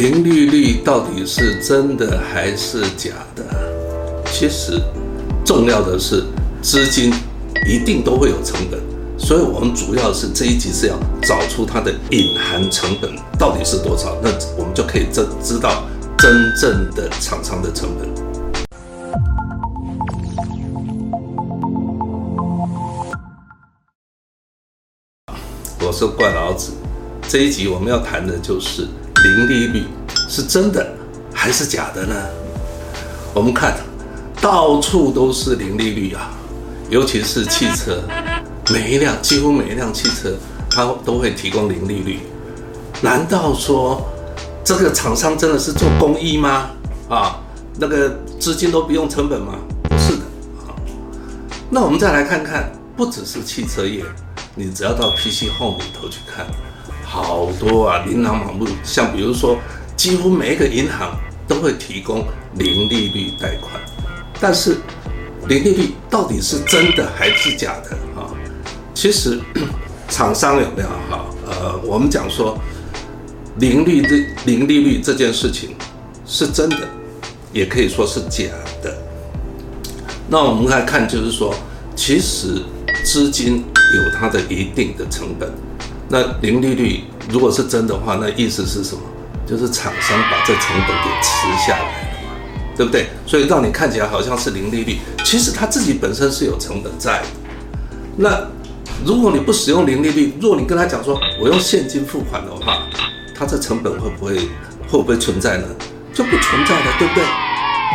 零利率到底是真的還是假的？其實，重要的是資金一定都會有成本，所以我們主要是這一集是要找出它的隱含成本到底是多少，那我們就可以知知道真正的廠商的成本。我是怪老子，這一集我們要談的就是。零利率是真的還是假的呢？我們看到處都是零利率啊，尤其是汽車，每一輛幾乎每一輛汽車它都會提供零利率。難道說這個廠商真的是做公益嗎？啊，那個資金都不用成本嗎？不是的啊。那我們再來看看，不只是汽車業，你只要到 P C 後裡頭去看。好多啊，琳琅滿目。像比如說，幾乎每一個銀行都會提供零利率貸款，但是零利率到底是真的還是假的啊、哦？其實，廠商有沒有哈、哦？呃，我們講說零利率零利率這件事情是真的，也可以說是假的。那我們來看，就是說，其實資金有它的一定的成本。那零利率如果是真的話，那意思是什麼？就是廠商把這成本給吃下來了嘛，對不對？所以讓你看起來好像是零利率，其實它自己本身是有成本在的。那如果你不使用零利率，如果你跟他講說，我用現金付款的話，他這成本會不會會不會存在呢？就不存在了，對不對？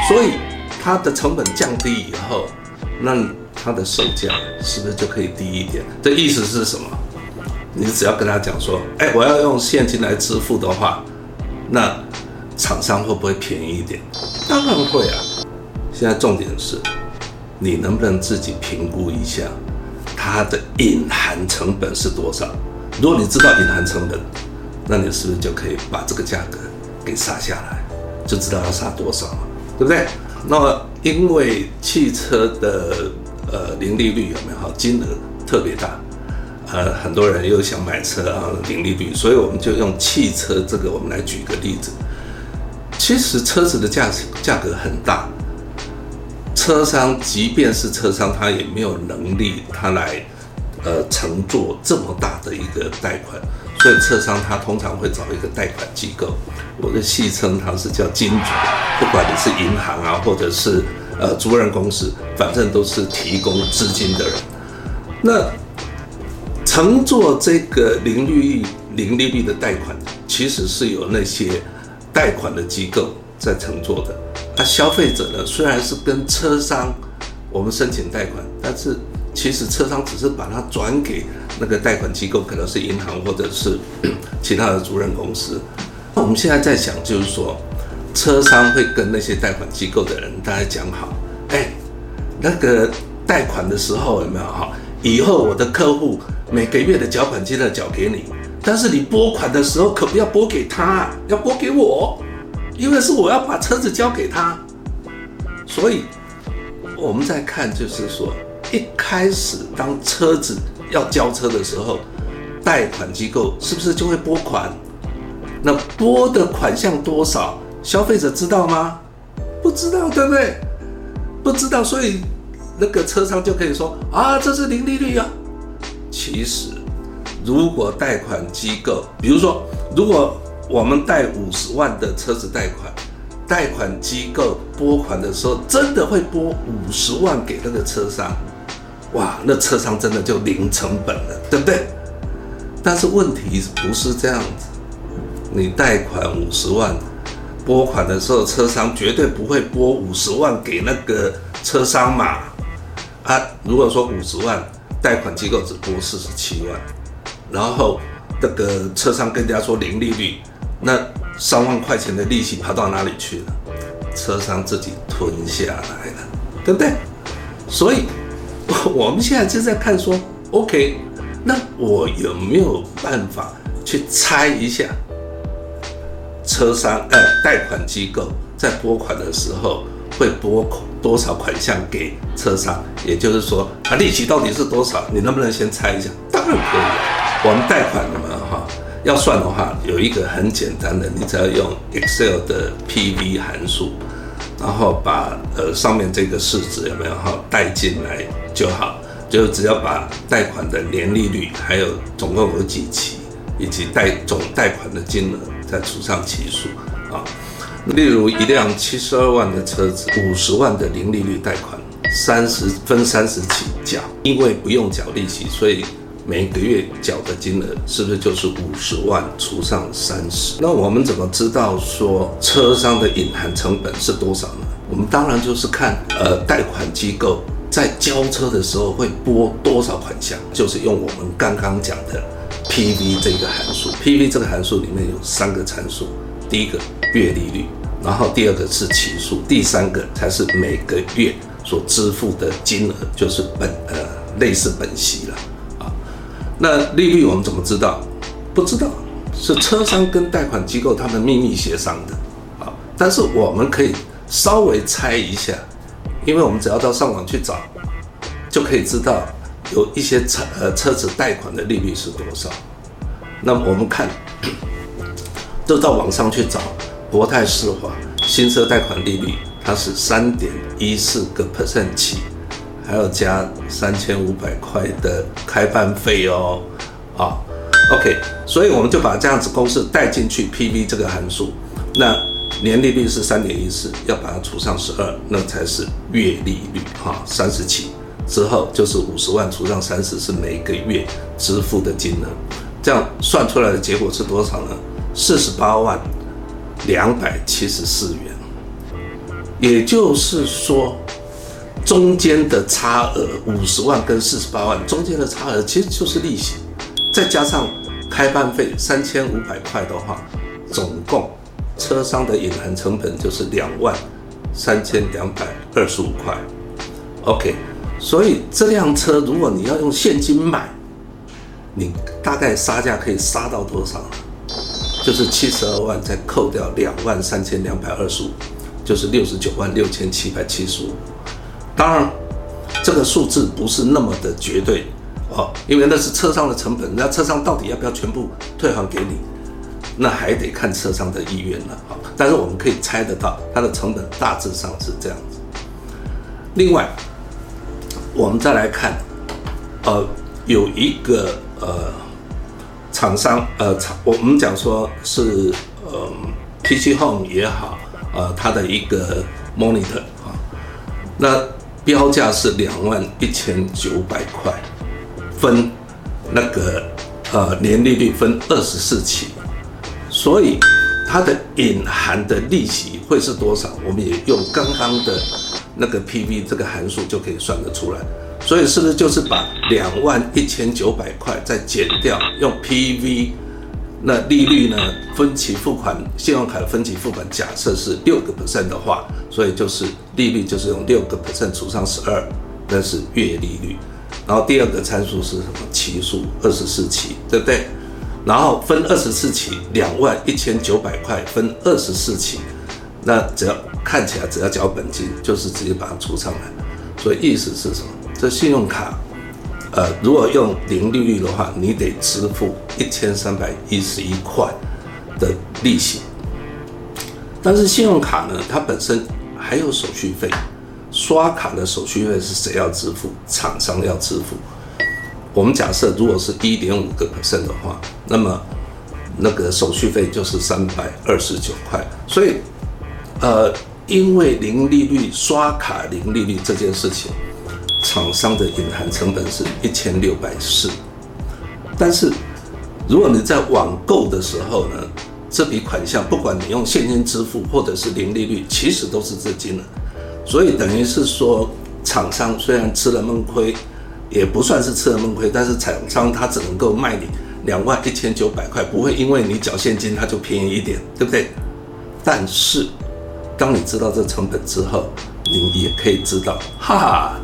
所以它的成本降低以後，那它的售價是不是就可以低一點？這意思是什麼？你只要跟他講說，哎、欸，我要用現金來支付的話，那廠商會不會便宜一點？當然會啊。現在重點是，你能不能自己評估一下它的隱含成本是多少？如果你知道隱含成本，那你是不是就可以把這個價格給殺下來，就知道要殺多少了，啊，對不對？那麼因為汽車的呃零利率有沒有？好，金額特別大。呃，很多人又想買車啊，零利率，所以我們就用汽車這個，我們來舉一個例子。其實車子的價格，價格很大，車商即便是車商，他也沒有能力他來呃承做這麼大的一個貸款，所以車商他通常會找一個貸款機構，我戲稱他是叫金主，不管你是銀行啊，或者是呃租賃公司，反正都是提供資金的人。那乘坐這個零利率，零利率的貸款，其實是由那些貸款的機構在乘坐的。那、啊、消費者呢，雖然是跟車商我們申請貸款，但是其實車商只是把它轉給那個貸款機構，可能是銀行或者是其他的租賃公司。那我們現在在想，就是說車商會跟那些貸款機構的人大家講好，哎，那個貸款的時候有沒有哈，以後我的客戶。每個月的繳款金額，繳給你，但是你撥款的時候可不要撥給他，要撥給我，因為是我要把車子交給他。所以我們在看，就是說一開始當車子要交車的時候，貸款機構是不是就會撥款？那撥的款項多少，消費者知道嗎？不知道，對不對？不知道，所以那個車商就可以說啊，這是零利率啊。其實，如果貸款機構，比如說，如果我們貸五十萬的車子貸款，貸款機構撥款的時候，真的會撥五十萬給那個車商，哇，那車商真的就零成本了，對不對？但是問題不是這樣子，你貸款五十萬撥款的時候，車商絕對不會撥五十萬給那個車商嘛，啊，如果說五十萬。貸款機構只撥四十七萬，然後這個車商更加說零利率，那三萬塊錢的利息跑到哪裡去了？車商自己吞下來了，對不對？所以我們現在就在看說，OK，那我有沒有辦法去猜一下車商，呃，貸款機構在撥款的時候？會撥多少款項給車商，也就是說，它、啊、利息到底是多少？你能不能先猜一下？當然可以、啊。我們貸款嘛，哈、哦，要算的話，有一個很簡單的，你只要用 Excel 的 PV 函數，然後把呃上面這個式子有沒有哈帶進來就好，就只要把貸款的年利率，還有總共有幾期，以及貸總貸款的金額，再除上期數，啊。例如一輛七十二萬的車子，五十萬的零利率貸款，三十分三十期繳，因為不用繳利息，所以每個月繳的金額是不是就是五十萬除上三十？那我們怎麼知道說車商的隱含成本是多少呢？我們當然就是看呃貸款機構在交車的時候會撥多少款項，就是用我們剛剛講的 PV 這個函數。PV 這個函數裡面有三個參數，第一個。月利率，然後第二個是期數，第三個才是每個月所支付的金額，就是本呃類似本息了啊。那利率我們怎麼知道？不知道，是車商跟貸款機構他們秘密協商的啊。但是我們可以稍微猜一下，因為我們只要到上網去找，就可以知道有一些車呃車子貸款的利率是多少。那麼我們看，都到網上去找。國泰世華新車貸款利率，它是三點一四個 percent 起，還要加三千五百塊的開辦費哦。啊，OK，所以我們就把這樣子公式帶進去 PV 這個函數。那年利率是三點一四，要把它除上十二，那才是月利率哈，三十起之後就是五十萬除上三十是每個月支付的金額。這樣算出來的結果是多少呢？四十八萬。兩百七十四元，也就是說中，中間的差額五十萬跟四十八萬中間的差額其實就是利息，再加上開辦費三千五百塊的話，總共車商的隱含成本就是兩萬三千兩百二十五塊。OK，所以這輛車如果你要用現金買，你大概殺價可以殺到多少？就是七十二萬，再扣掉兩萬三千兩百二十五，就是六十九萬六千七百七十五。當然，這個數字不是那麼的絕對哦，因為那是車商的成本，那車商到底要不要全部退還給你，那還得看車商的意願了啊，哦。但是我們可以猜得到，它的成本大致上是這樣子。另外，我們再來看，呃，有一個呃。廠商呃，廠我們講說是呃 PC Home 也好，呃，它的一個 Monitor 啊，那標價是兩萬一千九百塊，分那個呃年利率分二十四期，所以它的隱含的利息會是多少？我們也用剛剛的。那個 PV 這個函數就可以算得出來，所以是不是就是把兩萬一千九百塊再減掉，用 PV，那利率呢？分期付款信用卡的分期付款假設是六個 percent 的話，所以就是利率就是用六個 percent 除上十二，那是月利率。然後第二個參數是什麼？期數二十四期，對不對？然後分二十四期，兩萬一千九百塊分二十四期，那只要。看起來只要繳本金，就是直接把它除上來，所以意思是什麼？這信用卡，呃，如果用零利率的話，你得支付一千三百一十一塊的利息。但是信用卡呢，它本身還有手續費，刷卡的手續費是誰要支付？廠商要支付。我們假設如果是一點五個 percent 的話，那麼那個手續費就是三百二十九塊。所以，呃。因為零利率，刷卡零利率這件事情，廠商的隱含成本是一千六百四。但是，如果你在網購的時候呢，這筆款項不管你用現金支付或者是零利率，其實都是資金了啊。所以等於是說，廠商雖然吃了悶虧，也不算是吃了悶虧。但是廠商他只能夠賣你兩萬一千九百塊，不會因為你繳現金他就便宜一點，對不對？但是。當你知道這成本之後，你也可以知道，哈，哈，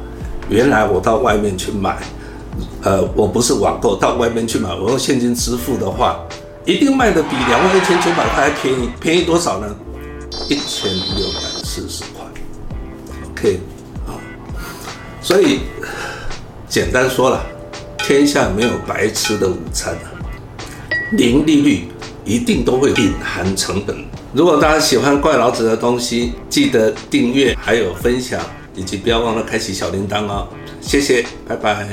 原來我到外面去買，呃，我不是網購，到外面去買，我用現金支付的話，一定賣的比兩萬一千九百塊還便宜，便宜多少呢？一千六百四十塊，ok 啊。所以簡單說了，天下沒有白吃的午餐，零利率一定都會隱含成本。如果大家喜歡怪老子的東西，記得訂閱，還有分享，以及不要忘了開啟小鈴鐺哦。謝謝，拜拜。